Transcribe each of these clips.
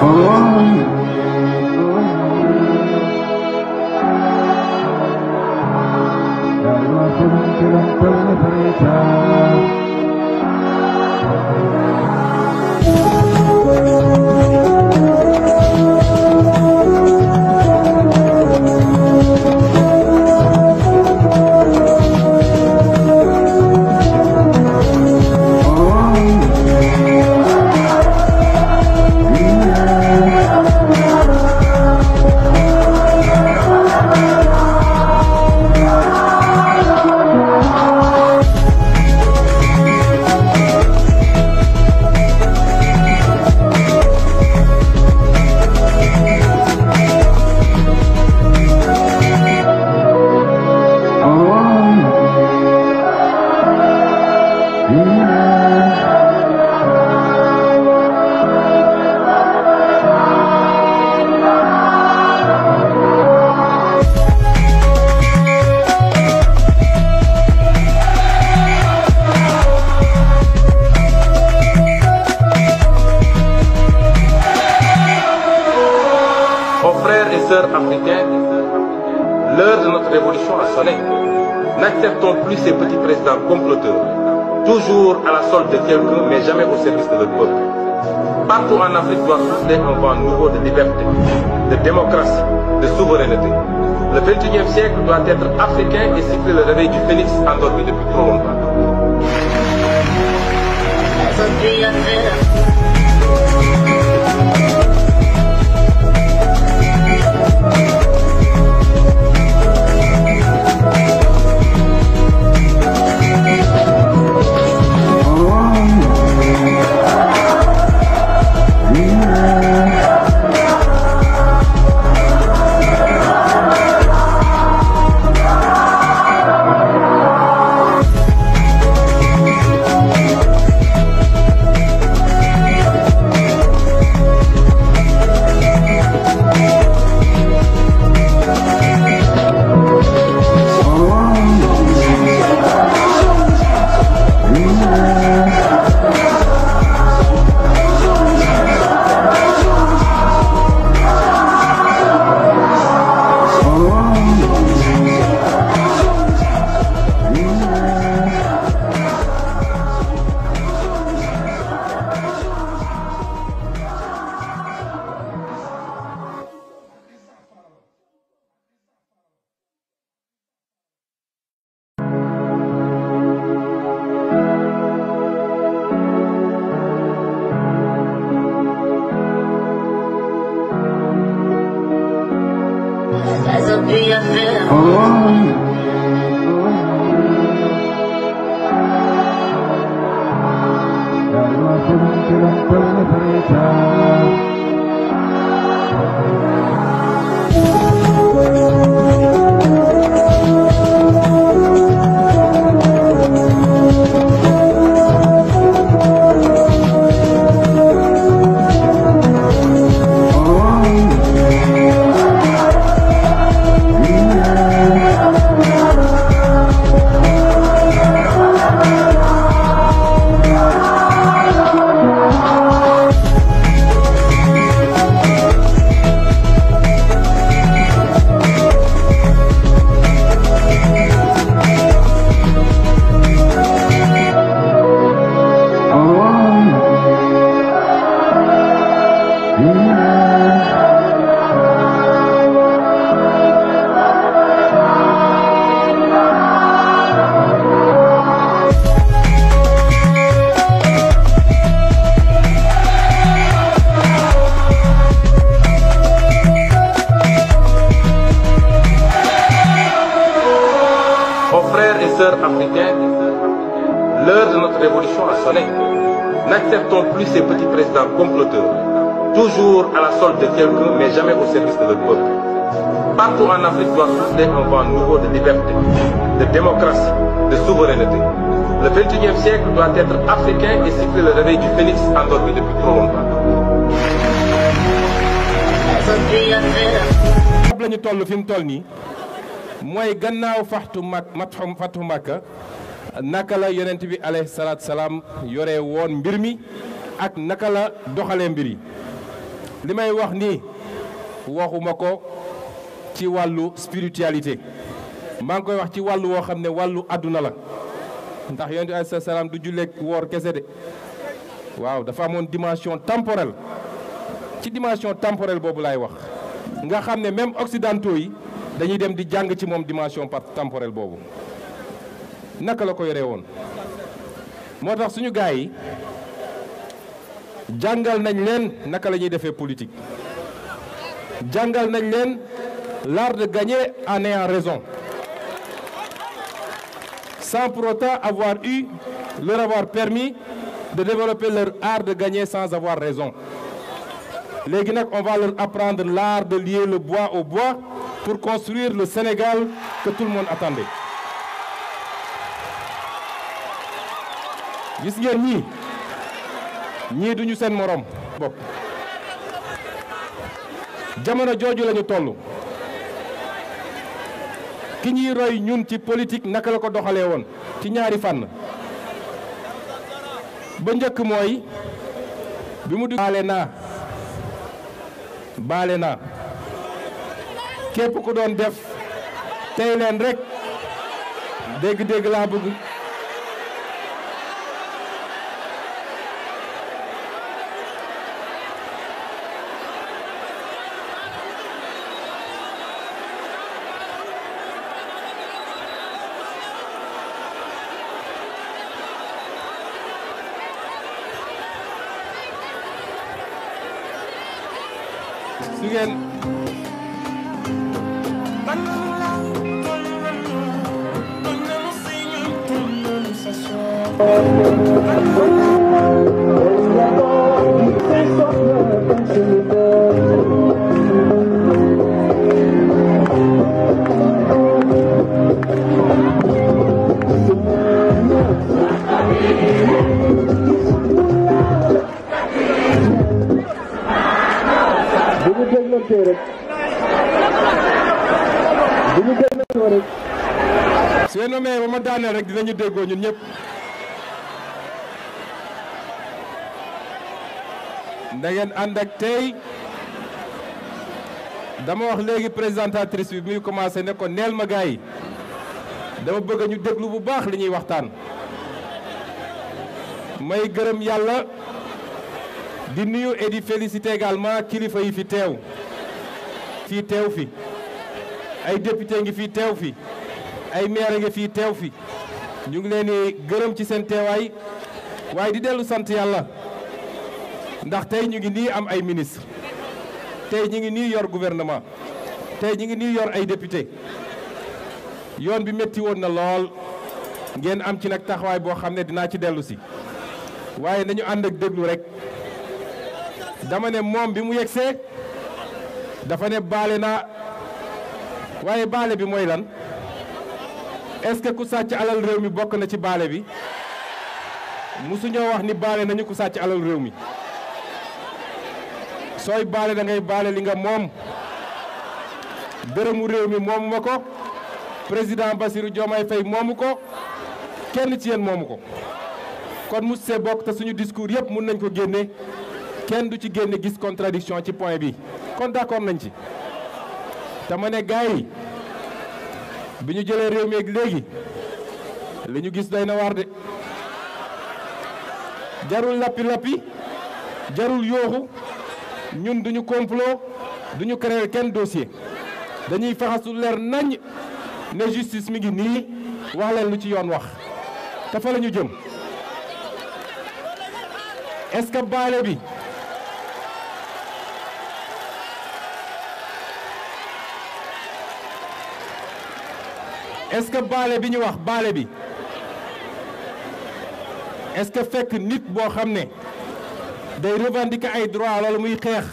Oh. ces petits présidents comploteurs, toujours à la solde de quelqu'un, mais jamais au service de leur peuple. Partout en Afrique doit souffler un vent nouveau de liberté, de démocratie, de souveraineté. Le 21e siècle doit être africain et siffler le réveil du phénix endormi depuis trop longtemps. frères et africains, l'heure de notre révolution a sonné. N'acceptons plus ces petits présidents comploteurs toujours à la solde de quelqu'un, mais jamais au service de notre peuple. Partout en Afrique doit souffler un vent nouveau de liberté, de démocratie, de souveraineté. Le 21e siècle doit être africain et siffler le réveil du phénix endormi depuis trop longtemps. la ñu je suis un toll gannaaw faxtu mak fatu Makka naka la yonent bi alayhi salaatu salam yore woon mbir ak naka la doxalee les que wax je ci spiritualité mang koy wax ci la ndax du de dimension temporelle ci dimension temporelle bobu lay wax nga même occidentaux yi dañuy dem di jang ci dimension par temporelle bobu ko suñu gaay Djangal nañ n'a qu'à la ñuy politique Djangal nañ l'art de gagner en ayant raison sans pour autant avoir eu leur avoir permis de développer leur art de gagner sans avoir raison Les Guinéens, on va leur apprendre l'art de lier le bois au bois pour construire le Sénégal que tout le monde attendait ñii duñu seen moroom bopp jamono jooju lañu toll ki ñuy roy ñun ci politik naka la ko doxalee woon ci ñaari fànn ba njëkk mooy bi mu di baale naa baale naa képp ku doon def tey leen rek dégg-dégg laa bëgg You wàccee rek bu seen omee ba ma daaneel rek dinañu déggoo ñun ñëpp. da ngeen ànd ak tey dama wax léegi présentatrice bi muy commencé ne ko neel ma gars yi dama bëgg ñu déglu bu baax li ñuy waxtaan. may gërëm yàlla di nuyu et di féliciter également kilifa yi fi teew. fi tew fi ay député ngi fi tew fi ay maire ngi fi tew fi ñu ngi leni gëreem ci sen teewaay waaye di delu sante yalla ndax tay ñu ngi ni am ay ministre tay ñu ngi ni yor gouvernement tay ñu ngi ni yor ay député yoon bi metti won na lol ngeen am ci nak taxawaay bo xamne dina ci delu si waye nañu and ak deglu rek dama ne mom bi mu yegsee dafa ne baale naa waaye baale bi mooy lan est-ce que ku sàcc alal réew mi bokk na ci baale bi musuñoo wax ni baale nañu ku sàcc alal réew mi sooy baale da baale li nga moom dërëmu réew mi moomu ma ko président Bassirou Diomaye Faye moomu ko kenn ci yéen moomu ko kon mu see bokk te suñu discours yëpp mun nañ ko génne kenn du ci génne gis contradiction ci point bi kon d'accord nañ ci te ma ne gars bi ñu jëlee réew mi ak léegi li ñu gis day na waar de jarul lappi lappi jarul yooxu ñun duñu complot duñu créer kenn dossier dañuy faxasu leer nañ ne justice mi ngi nii wax lu ci yoon wax te fa la ñu jëm est-ce que baale bi est-ce que baale bi ñu wax baale bi est-ce que fekk nit boo xam ne day revendiquer ay droit loolu muy xeex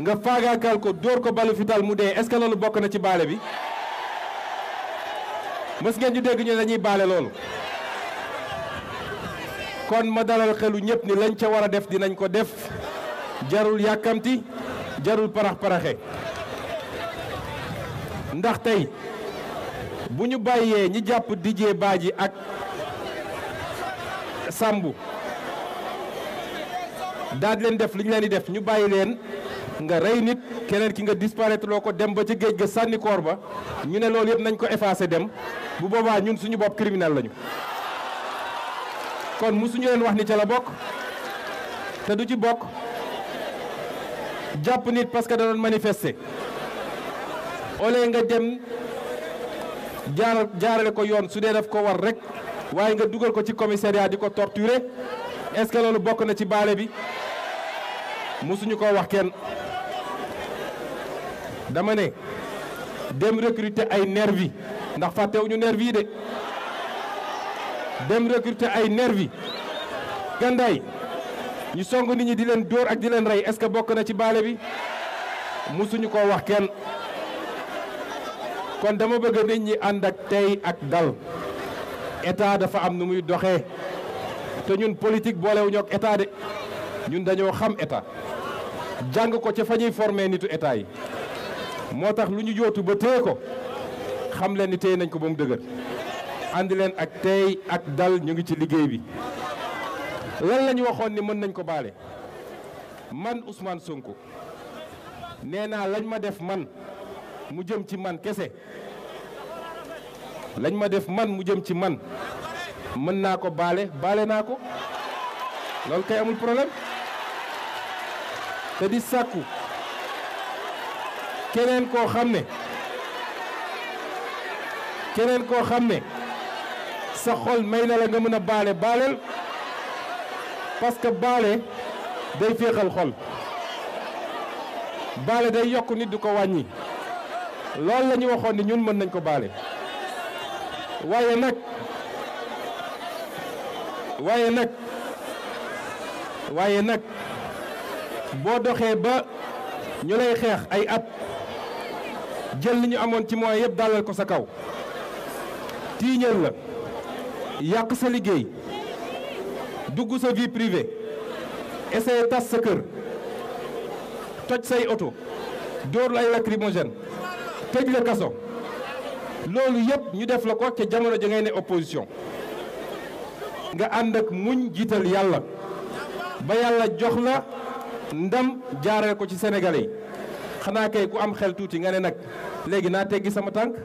nga faagaakal ko dóor ko balu fital mu dee est-ce bokk na ci baale bi mës ngeen ñu dégg ñu dañuy baale loolu kon ma dalal xelu ñëpp ni lañ ca war a def dinañ ko def jarul yàkkamti jarul parax-paraxe ndax tey bu ñu bàyyee ñi jàpp Didier Badji ak sàmbu daal leen def li ñu leen di def ñu bàyyi leen nga rey nit keneen ki nga disparaître loo ko dem ba ci géej ga sànni koor ba ñu ne loolu yëpp nañ ko effacé dem bu boobaa ñun suñu bopp criminel lañu kon musuñu leen wax ni ca la bokk te du ci bokk jàpp nit parce que da doon manifester ole nga dem jaar jaarale ko yoon su dee def ko war rek waaye nga dugal ko ci commissariat di ko torturer est-ce que loolu bokk na ci baale bi musuñu koo wax kenn dama ne dem recruter ay nervi ndax fàttewuñu nervi yi de dem recruter ay nervi gandaay ñu song nit ñi di leen dóor ak di leen rey est-ce que bokk na ci baale bi musuñu koo wax kenn kon dama bëgg nit ñi and ak tay ak dal état dafa am nu muy doxé té ñun politique wuñu ak état de ñun dañoo xam état jang ko ci fañuy formé nitu état yi motax luñu jotu ba Andelen ko xam leen ni nañ ko bu mu dëgër leen ak tay ak dal ñu ngi ci liggéey bi lan lañ ni mën nañ ko man Ousmane Sonko néna lañ ma def man mu jëm ci man kese lañ ma def man mu jëm ci man mën naa ko baale baale naa ko loolu kay amul problème te di sàkku keneen koo xam ne keneen koo xam ne sa xol may na la nga mën a baale baaleel parce que baale day féexal xol baale day yokk nit du ko wàññi loolu lañuy waxoon ni ñun mën nañ ko baale waaye nag waaye nag waaye nag boo doxee ba ñu lay xeex ay at jël li ñu amoon ci moyens yëpp dalal ko sa kaw tiiñal la yàq sa liggéey dugg sa vie privée essayer tas sa kër toj say oto dóor la ay lacrymogène tëj la kaso loolu yëpp ñu def la ko ca jamono ja ngay ne opposition nga ànd ak muñ jiital yàlla ba yàlla jox la ndam jaare ko ci Sénégalais yi xanaa kay ku am xel tuuti nga ne nag léegi naa teggi sama tànk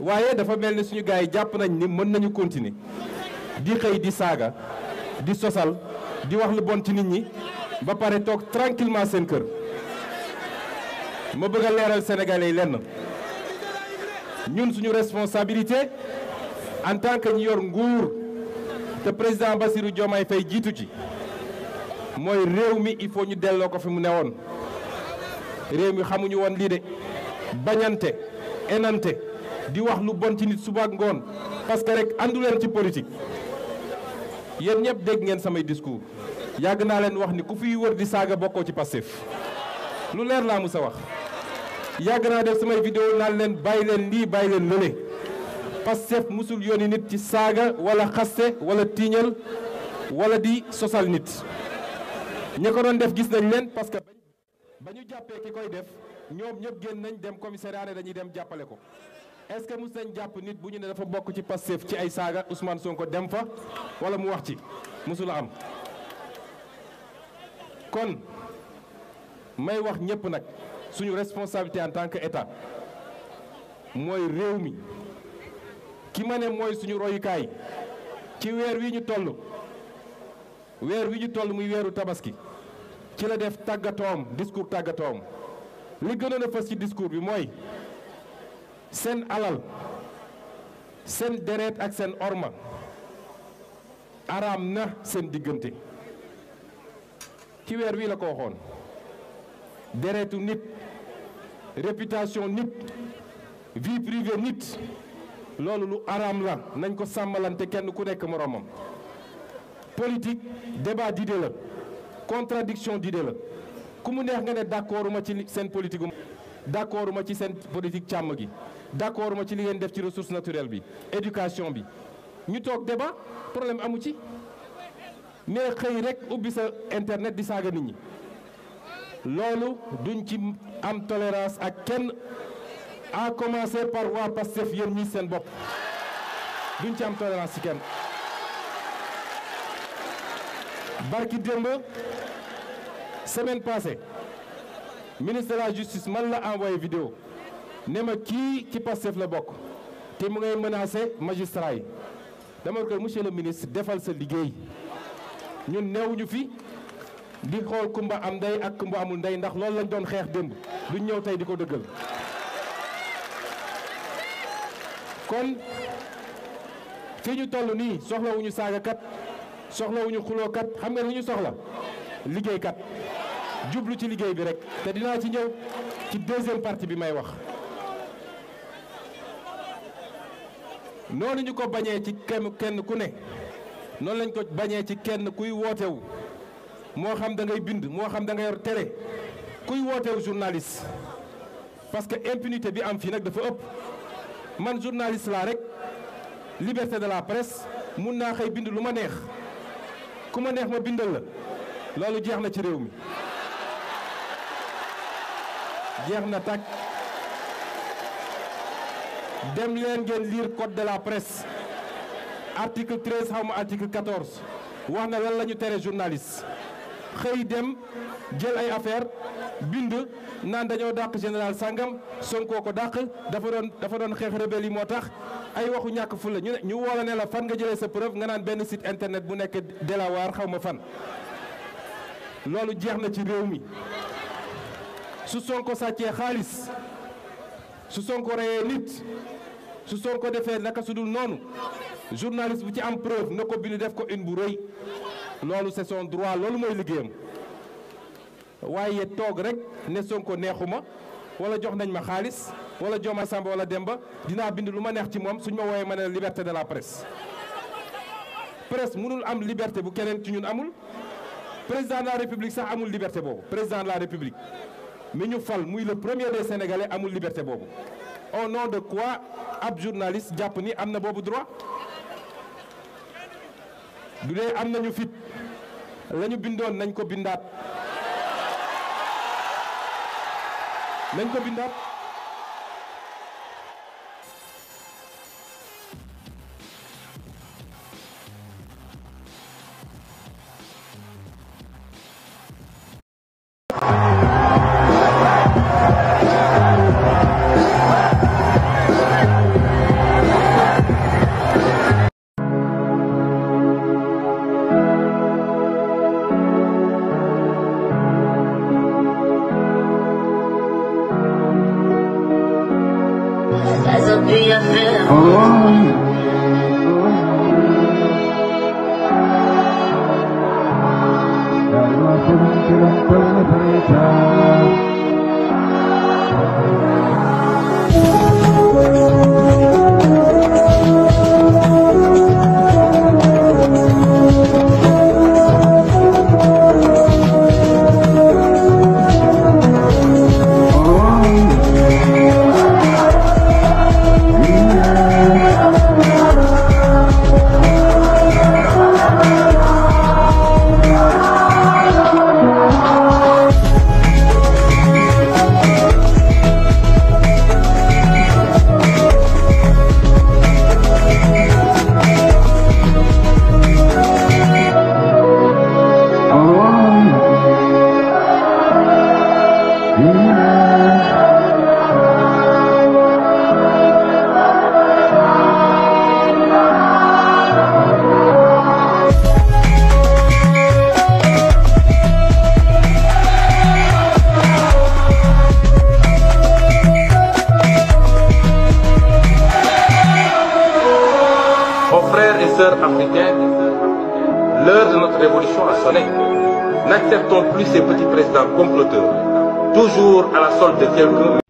waaye dafa mel ni suñu gars yi jàpp nañ ni mën nañu continuer di xëy di saaga di sosal di wax lu bon ci nit ñi ba pare toog tranquillement seen kër ma bëgg a leeral sénégalais yi lenn ñun suñu responsabilité en tant que ñu yor nguur te président Bassirou Diomaye Faye jiitu ci mooy réew mi il faut ñu delloo ko fi mu ne woon réew mi xamuñu woon lii de bañante enante di wax lu bon ci nit suba ak ngoon parce que rek àndu leen ci politique yéen ñëpp dégg ngeen samay discours yàgg naa leen wax ni ku fiy wër di saaga bokkoo ci Pastef lu leer laa musa wax yàgg naa def samay vidéo naan leen bàyyi leen lii bàyyi leen lële Pastef yoon yónni nit ci saaga wala xaste wala tiiñal wala di sosal nit ñi ko doon def gis nañ leen parce que ba ñu jàppee ki koy def ñoom ñëpp génn nañ dem commissariat dañuy dem jàppale ko est-ce que jàpp nit bu ñu ne dafa bokk ci Pastef ci ay saaga Ousmane Sonko dem fa wala mu wax ci musula am kon may wax ñepp nak suñu responsabilité en tant que état moy réew mi ki mané moy suñu suñu kay ci wër wi ñu tollu wër wi ñu tollu muy wëru tabaski ci la def tagatom discours tagatom li gëna na fass ci discours bi sen sen alal sen deret ak sen orma aramna na seen ci wër wi la ko deretu nit réputation nit vie privée nit lolou lu aram la nagn ko sambalante kenn ku comme moroomam politique débat d'idées la contradiction d'idées la ku neex nga ne d'accord ci une politique d'accord ci sen politique cham gi d'accord ci li ngeen def ci ressources naturelles bi éducation bi ñu tok débat problème amu ci mais xey rek ubbi sa internet di saga nit loolu duñ ci am tolérance ak kenn a commencé par waa Pastef yéen ñi seen bopp duñ ci am tolérance ci kenn barki démb semaine passée ministre de la justice man la envoyé vidéo ne ma kii ci Pastef la bokk te mu ngay menacé magistrat yi dama ko monsieur le ministre defal sa liggéey ñun newuñu fi di xool kumba am ndey ak kumba amul ndey ndax loolu lañ doon xeex démb duñ ñëw tey di ko dëggal kon fii ñu toll nii soxlawuñu saagakat soxlawuñu xulookat xam nga lu ñu soxla liggéeykat jublu ci liggéey bi rek te dinaa ci ñëw ci deuxième partie bi may wax noonu ñu ko bañee ci kenn kenn ku ne noonu lañ ko bañee ci kenn kuy wootewu moo xam da ngay bind moo xam da ngay yor kuy wooteew journaliste parce que impunité bi am fii nag dafa ëpp man journaliste laa rek liberté de la presse mun naa xëy bind lu ma neex ku ma neex ma bindal la loolu jeex na ci réew mi jeex na tàkk dem leen ngeen lire code de la presse article 13 xaw article 14 wax na lan la ñu tere journaliste xëy dem jël ay affaire bind nan dañu dakk général sangam Sonko ko dakk dafa don dafa don xex rebel yi motax ay waxu ñak fu la ñu ñu la fan nga jëlé sa preuve nga nan ben site internet bu nekk Delaware xawma fan. lolu jeex na ci réew mi su Sonko sàccee xaliss su Sonko reyee nit su Sonko defee naka sudul nonu journaliste bu ci am preuve nako bindu def ko une bu reuy lolu c'est son droit loolu moy liggéeyam waye toog rek ne Sonko neexuma wala jox nañ ma khalis wala Diomaye Samba wala Demba dina bind luma ma neex ci mom suñ ma wooyee ma liberté de la presse presse mënul am liberté bu kenen ci ñun amul président de la république sax amul liberté bobu président de la république mi ñu fal muy le premier des sénégalais amul liberté bobu au nom de quoi ab journaliste japp ni amna bobu droit du amna ñu nañu fit la bindoon nañ ko bindaat nañ ko bindaat frères et sœurs africaines, l'heure de notre révolution a sonné. N'acceptons plus ces petits présidents comploteurs toujours à la solde de quelqu'un.